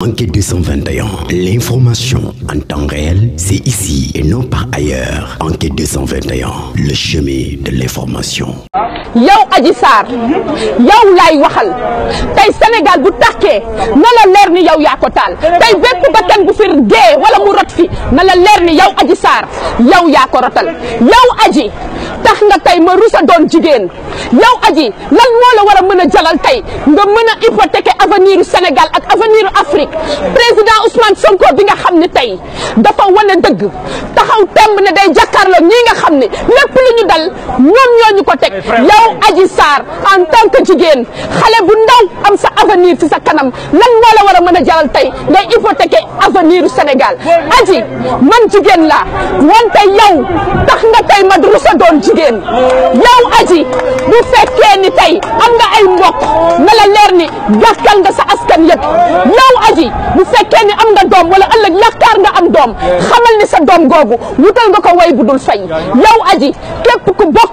Enquête 221, l'information en temps réel, c'est ici et non par ailleurs. Enquête le chemin de l'information. Ah, yow Adji Sarr yow laay waxal tey Sénégal bu tàkkee na la leer ni yow yaa ko taal tey bépp bakkan bu fi dee wala mu rot fi na la leer ni yow Adji Sarr yow yaa rotal yow Adji tax nga tey ma rusa doon jigéen yow Adji lan moo la war a mën a tey nga mën a hypothéquer avenir u Sénégal ak avenir u Afrique président Sonko bi nga xam ni tey dafa wane dëgg taxaw temb ne day jàkkaarloo ñii nga xam ne lépp lu ñu dal ñoom ñoo ñu ko Adji Sarr en tant que jigéen xale bu ndaw am sa avenir ci sa kanam lan moo la war a mën a jaral tey ngay hypothéquer avenir Sénégal Adji man jigéen laa wante yow tax nga tey ma doon jigéen yow Adji bu fekkee ni tey am nga ay mbokk na la leer ni gàkkal nga sa askan yëpp yow Adji bu fekkee ni am nga doom wala ëllëg yaakaar nga am doom xamal ni sa doom googu wutal nga ko way bu dul fay yow Adji képp ku bokk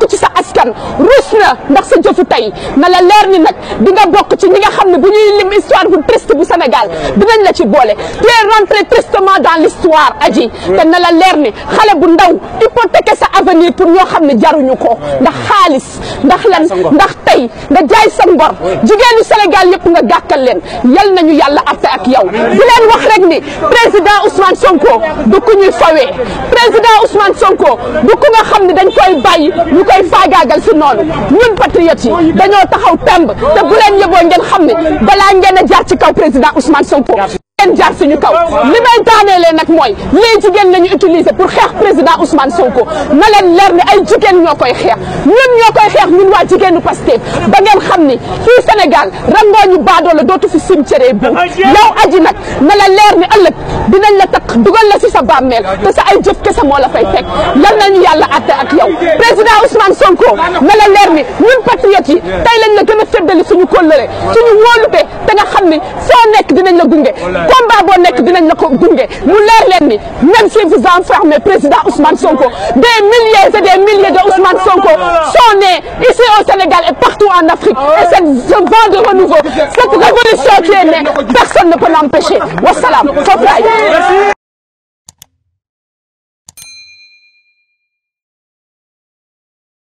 bakkan ruus na ndax sa jëfu tey na la leer ni nag di nga bokk ci ñi nga xam ne bu ñuy lim histoire bu triste bu Sénégal dinañ la ci boole tu es rentré tristement dans l'histoire aji te na la leer ni xale bu ndaw hypothéquer sa avenir pour ñoo xam ne jaruñu ko ndax xaalis ndax lan ndax tey nga jaay sa ngor jigéenu Sénégal yëpp nga gàkkal leen yal nañu yàlla atte ak yow di leen wax rek ni président Ousmane Sonko du ku ñuy fawee président Ousmane Sonko du ku nga xam ne dañ koy bàyyi ñu màggal si noonu ñun patriotes dañoo taxaw temb te bu leen yëboo ngeen xam ne ngeen a jaar ci kaw président Ousmane Sonko kenn jaar suñu kaw li may daaneelee nag mooy lii jigéen la ñu utiliser xeex président Ousmane Sonko na leen leer ne ay jigéen ñoo koy xeex ñun ñoo koy xeex ñun waa jigéenu Pastef ba ngeen xam ni fii Sénégal rangooñu baadoo la dootu fi cimetière bu yow aji nag na la leer ni ëllëg dinañ la takk dugal la si sa bàmmeel te sa ay jëf kese moo la fay fekk lan nañu yàlla atte ak yow président Ousmane Sonko na la leer ni ñun patriotes yi tey lañ la gën a xam ni foo nekk dinañ la gunge combat boo nekk dinañ la ko gunge mu leer leen ni si vous enfermez président Ousmane Sonko des milliers et des milliers de Ousmane Sonko sont nés ici au Sénégal et partout en Afrique et cette ce vent de personne ne peut l'empêcher wasalaam foofu laay